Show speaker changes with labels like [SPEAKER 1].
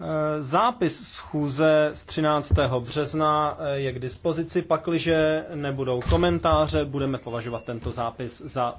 [SPEAKER 1] Eh, zápis schůze z 13. března eh, je k dispozici, pakliže nebudou komentáře, budeme považovat tento
[SPEAKER 2] zápis za